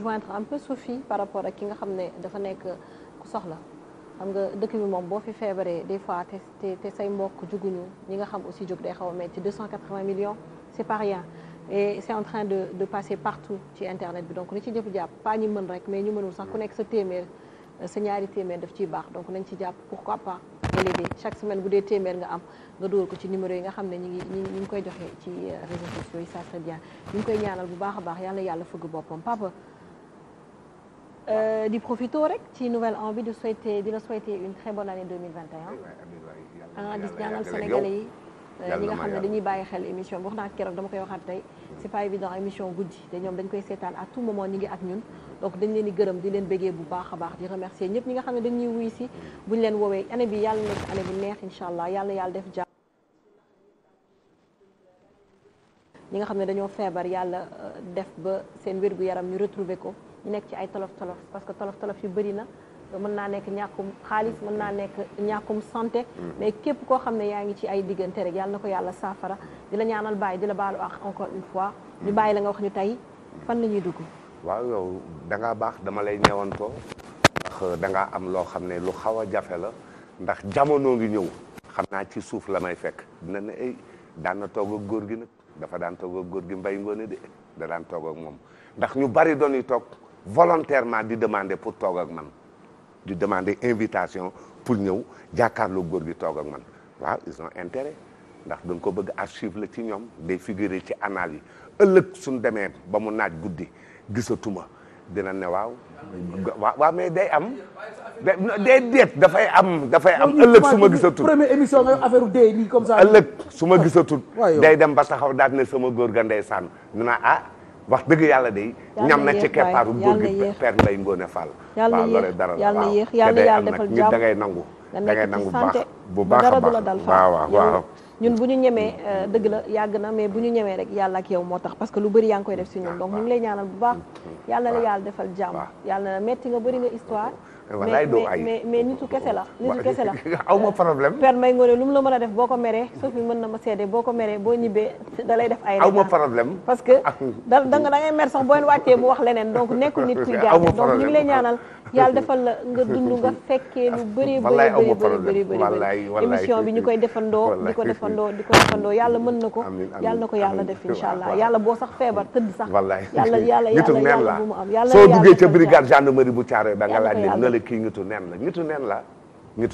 joindre un peu Sophie par rapport ak ki nga xam ne dafa nekk ku soxla xam nga dëkk bi moom boo fi feebaree des fois te te say mbokk juguñu ñi nga xam aussi jóg day xaw a metti 280 millions c'est pas rien et c'est en train de de passer ci internet bi donc ni ci jëpp jàpp pas ñu mën rek mais ñu mënul sax ku nekk sa téeméer sa ñaari téeméer daf ciy baax donc nañ ci jàpp pourquoi pas élever chaque semaine bu dee téeméer nga am nga dóor ko ci numéro yi nga xam ne ñi ngi ñi ngi koy joxe ci euh, réseaux sociaux yi koy ñaanal bu baax a baax yàlla yàlla fëgg boppam papa Euh, di profito rek ci nouvelle an bi di souhaiter di la souhaiter une très bonne année 2021 di ñaanal sénégalais yi euh, ñi nga xam ne dañuy bàyyi xel émission bi wax naa keroog dama koy waxaat tey mm-hmm. c'est pas évident émission guddi te ñoom dañ koy seetaan à tout moment ñi ngi ak ñun donc dañ leen di gërëm di leen bëggee bu baax a baax di remercier ñëpp ñi nga xam ne dañuy wuy si mm-hmm. buñ leen woowee année bi yàlla nekk année bu neex incha allah yàlla yàlla def jàmm ñi nga xam ne dañoo feebar yàlla euh, def ba seen wér yaram ñu retrouver ko ñu nekk ci ay tolof tolof parce que tolof tolof yu bëri na mën naa nekk ñàkkum xaalis mën naa nekk ñàkkum santé mm. mais képp koo xam ne yaa ngi ci ay diggante rek yàlla na ko yàlla saafara di la ñaanal bàyyi di la baalu ak encore une fois ñu bàyyi la nga wax ñu tey fan la ñuy dugg waaw yow da ngaa baax dama lay ñëwoon ko ndax euh, am loo xam ne lu xaw a jafe la ndax jamono ngi ñëw xam naa ci suuf la may fekk dina ne ay daan na toog góor gi nag dafa daan toog góor gi mbay ngoone de da daan toog ak moom ndax ñu bari doon toog volontairement di demander pour toog ak man di demander invitation pour ñëw jàkkaarloo góor gi toog ak man waaw ils ont intérêt ndax dañ ko bëgg archive la ci ñoom day figurer ci annales yi ëllëg suñ demee ba mu naaj guddi gisatuma dina ne waaw waaw mais day am day dafay am dafay am ëllëg su ma gisatul première émission comme ça ëllëg su ma gisatul day dem ba taxaw daal ne sama góor ga ndeysaan ñu naa ah wax dëgg yàlla de ñam na ci keppaaru góor gi Père Mbaye Ngoné Fall waaw loolu dara yàlla yéex yàlla defal jàmm da ngay nangu da ngay nangu baax bu a baax waaw waaw bu ñu ñemee euh, la yàgg na mais bu ñu ñemee rek yàlla ak yow moo tax parce que lu bëri yaa ngi koy def si ñun ah, donc ñu ngi lay ñaanal bu mm-hmm. yàlla defal jàmm yàlla na metti nga bëri nga histoire walaay doo ay mais mais nitu kese la nitu kese la aw may ngoone lu mu la mën a def boo ko meree Sophie mën na ma seede boo ko meree boo ñibbee da lay def ay aw ah. da da nga da ngay mer sax boo leen wàccee mu wax leneen donc nekkul nit ki gaañ donc ñu la nga dund nga fekkee lu bëri bëri bëri bëri émission bi ñu koy defandoo di ko defandoo yàlla mën na ko yàlla def incha allah yàlla boo sax feebar tëdd sax yàlla yàlla yàlla bu mu am soo duggee ca brigade gendarmerie bu Thiaroye ba nga laaj leen ne kii nitu nen la nitu nen la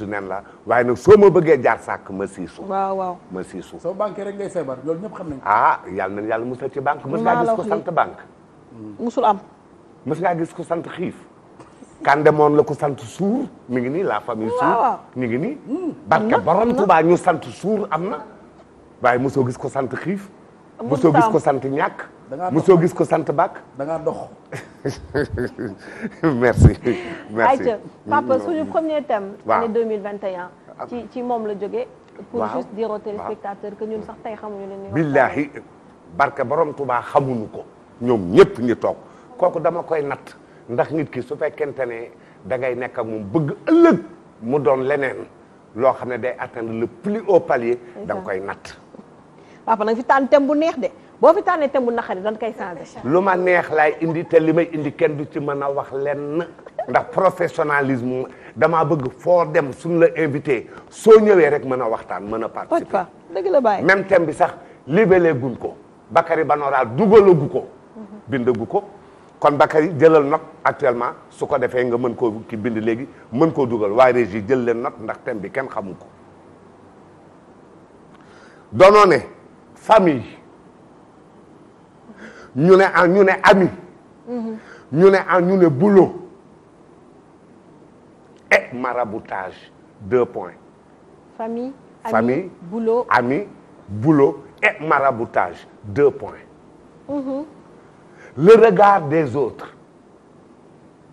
nen la waaye na soo ma bëggee jaar sàkk ma siisu waaw waaw ma siisu soo banque rek ngay feebar loolu ñëpp xam nañ ah yàlla nañ yàlla musal ci banque mës ngaa gis ko sant banque hmm. musul am mës ngaa gis ko sant kande kandemoon la ko sant suur mi ngi ni la famille suur mi ngi nii hmm. barke borom Tuubaa ñu sant suur am na waaye mosoo gis ko sant xiif mosoo gis ko sant ñàkk mosoo gis ko sant bàkk da ngaa dox merci merci ayca papa mm. suñu premier thème année ci moom la jóge pour juste dire aux téléspectateurs que ñun sax tey xamuñu leen billaahi barke borom Tuubaa xamuñu ko ñoom ñëpp ñu toog kooku dama koy natt ndax nit ki su fekkente ne da ngay nekk ak moom bëgg ëllëg mu doon leneen loo xam ne day atteindre le plus haut palier da koy natt papa nag fi tànn thème bu neex de boo fi tànnee thème bu naqari koy changé. lu ma neex laay indi te li may indi kenn du ci mën a wax lenn ndax professionnalisme damaa bëgg foo dem suñ la invité soo ñëwee rek mën a waxtaan mën a participer. dëgg la bàyyi même thème bi sax libellé guñ ko Bakary Banoral dugalagu ko. Mhm. bindagu ko kon Bakary jëlal note actuellement su ko defee nga mën koo ki bind léegi mën koo dugal waaye régie jël leen note ndax thème bi kenn xamu ko. doonoo ne ñu ne ah ñu ne ami ñu ne ah ñu ne boulot et maraboutage deux points. famille ami boulot et maraboutage deux points. Mmh. le regard des autres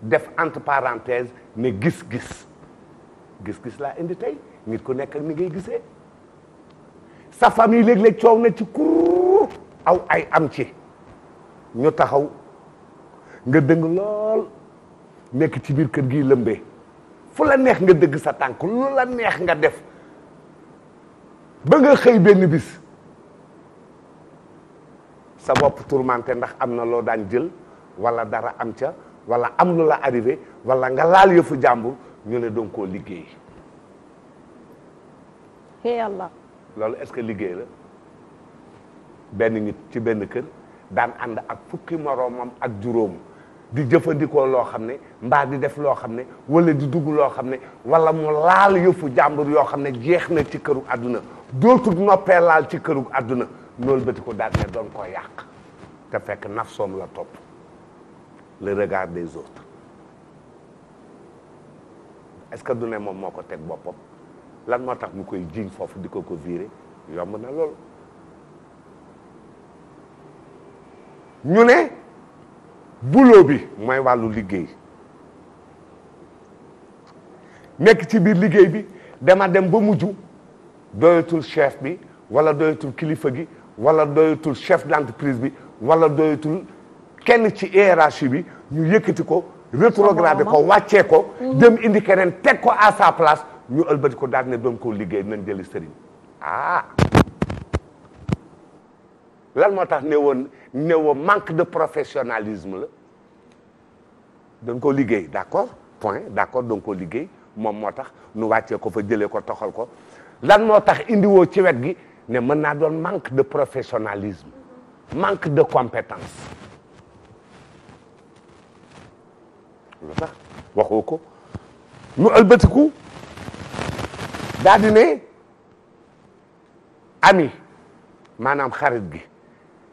def entre parenthèses ne gis-gis gis-gis laa indi tey ku nekk ak ni ngay gisee sa famille léeg-léeg coow na ci kur aw ay am ci. ñu taxaw nga dëng lool nekk ci biir kër gi lëmbee fu la neex nga dëgg sa tànk lu la neex nga def ba nga xëy benn bis sa bopp tourmenté ndax am na loo daan jël wala dara am ca wala am lu la arrivé walla nga laal yëfu jàmbur ñu ne doon koo liggéey. yàlla. loolu est-ce que liggéey la benn nit ci benn kër. daan ànd ak fukki moroomam ak juróom di jëfandikoo loo xam ne mbaa di def loo xam ne walla di dugg loo xam ne wala mu laal yëfu jàmbur yoo xam ne jeex na ci këru àdduna dootul noppee laal ci këru àdduna loolu bëti ko daan ne doon koo yàq te fekk nafsoom la topp le regard des autres est-ce que du ne moom moo ko teg boppam lan moo tax mu koy jiñ foofu di ko ko viré yomb na loolu ñu ne boulot bi mooy wàllu liggéey nekk ci biir liggéey bi dama dem ba mujj doyatul chef bi wala doyatul kilifa gi wala doyatul chef d'entreprise bi wala doyatul kenn ci hiérarchie bi ñu yëkkati ko rétrogradé ko wàccee ko dem indi keneen teg ko à sa place ñu ëlbati ko daal ne doon koo liggéey nañ jëli sëriñ ah lan moo tax ne woon manque de professionnalisme la dañ ko liggéey d'accord point d'accord dañ ko liggéey moom moo tax nu wàccee ko fa jëlee ko toxal ko lan moo tax indiwoo ci wet gi ne mën naa doon manque de professionnalisme manque de compétence lu tax waxoo ko ñu ëlbatiku daal di ne ami maanaam xarit gi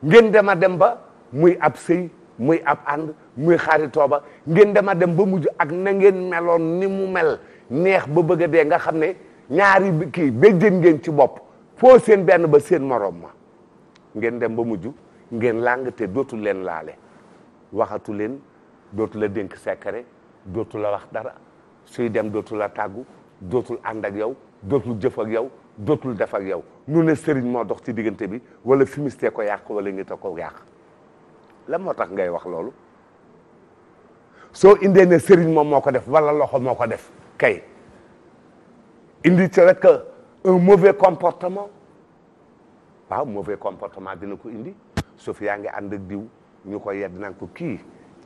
ngeen dema dem ba muy ab sëy muy ab ànd muy xaaritoo ba ngeen dema dem ba mujj ak na ngeen meloon ni mu mel neex ba bëgg a dee nga xam ne ñaari kii béjjën ngeen ci bopp foo seen benn ba seen moroom ma ngeen dem ba mujj ngeen làng te dootu leen laale waxatu leen dootu la dénk secret dootu la wax dara suy dem dootu la tàggu dootul ànd ak yow dootul jëfak yow dootul def ak yow nu ne sëriñ moo dox ci diggante bi wala fumiste ko yàq wala ngi te ko yàq lan moo tax ngay wax loolu soo indee ne sëriñ moom moo ko def wala loxo moo ko def kay indi ci rek un mauvais comportement waaw mauvais dina ko indi su fi ngi ànd ak diw ñu ko yedd naan ko kii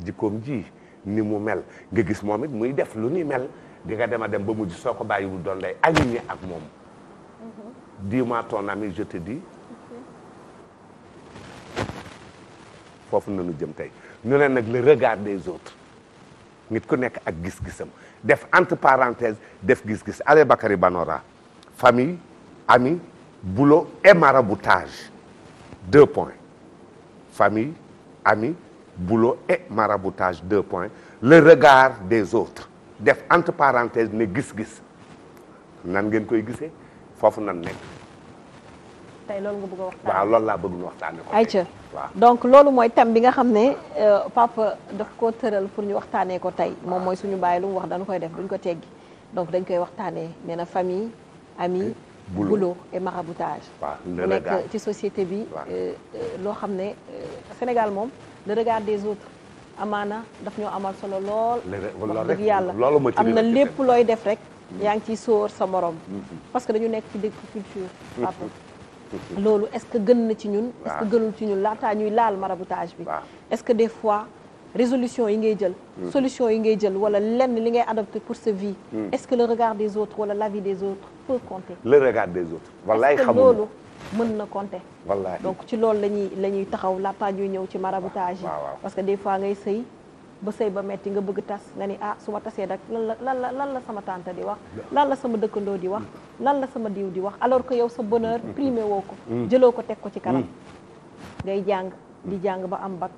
jikkoom ji ni mu mel nga gis moom it muy def lu ni mel di nga dem a dem ba mujj soo ko bàyyiwul doon day aligné ak moom di moi ton ami je te dis foofu nanu jëm tey ñu ne nag le regard des autres ngit ku nekk ak gis-gisam def entre parenthèses def gis-gis allez Bakary Banora famille ami boulot et maraboutage deux points famille ami boulot et maraboutage deux points le regard des autres def entre parenthèses ne gis-gis nan ngeen koy gisee foofu nag nekk. tey loolu nga bëgg a loolu laa bëgg ñu waxtaanee ko. ayca waaw donc loolu mooy thème bi nga xam ne euh, papa daf koo tëral pour ñu waxtaanee ko tey moom mooy suñu bàyyi lu mu wax dañu koy def duñ ko teggi donc dañ koy waxtaanee nee na famille ami boulot et maraboutage mu nekk ci société bi euh, euh, loo xam ne Sénégal moom le regard des autres amaana daf ñoo amal solo lool wax dëgg yàlla am na lépp looy def rek yaa ngi ciy soor sa morom. Mm-hmm. parce que dañu nekk ci dëkk culture. Mm-hmm. Mm-hmm. loolu est-ce que gën na ci ñun. est que gënul ci ñun laataa ñuy laal maraboutage bi. est-ce que des fois résolution yi ngay jël. solution yi ngay jël wala lenn li ngay adopté pour sa vie. est-ce que le regard des autres wala l'avis des autres peut compter. le regard des autres. wallaay xamul loolu. mën na compter. wallaay donc ci loolu la ñuy la ñuy taxaw laataa ñuy ñëw ci maraboutage yi. parce que des fois ngay sëy. ba sëy ba metti nga bëgg tas nga ni ah su ma tasee nag lan la lan la lan la sama tànta di wax lan la sama dëkkandoo di wax lan la sama diw di wax alors que yow sa bonheur mm-hmm. primé woo ko mm-hmm. jëloo ko teg ko ci kanam mm-hmm. ngay jàng di jàng ba am bag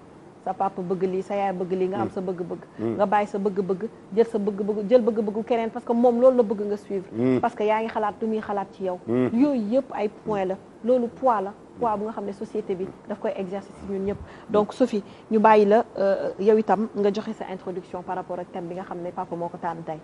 sa papa bëgg lii sa yaay bëgg lii nga am sa bëgg-bëgg nga bàyyi sa bëgg-bëgg jël sa bëgg-bëgg jël bëgg-bëggu keneen parce que moom loolu la bëgg nga suivre parce que yaa ngi xalaat lu muy xalaat ci yow yooyu yëpp ay point la loolu poids la waaw bu nga xam ne société bi daf koy exercer ci ñëpp donc Sophie ñu bàyyi la euh, yow itam nga joxe sa introduction par rapport ak thème bi nga xam ne papa moo ko tànn tey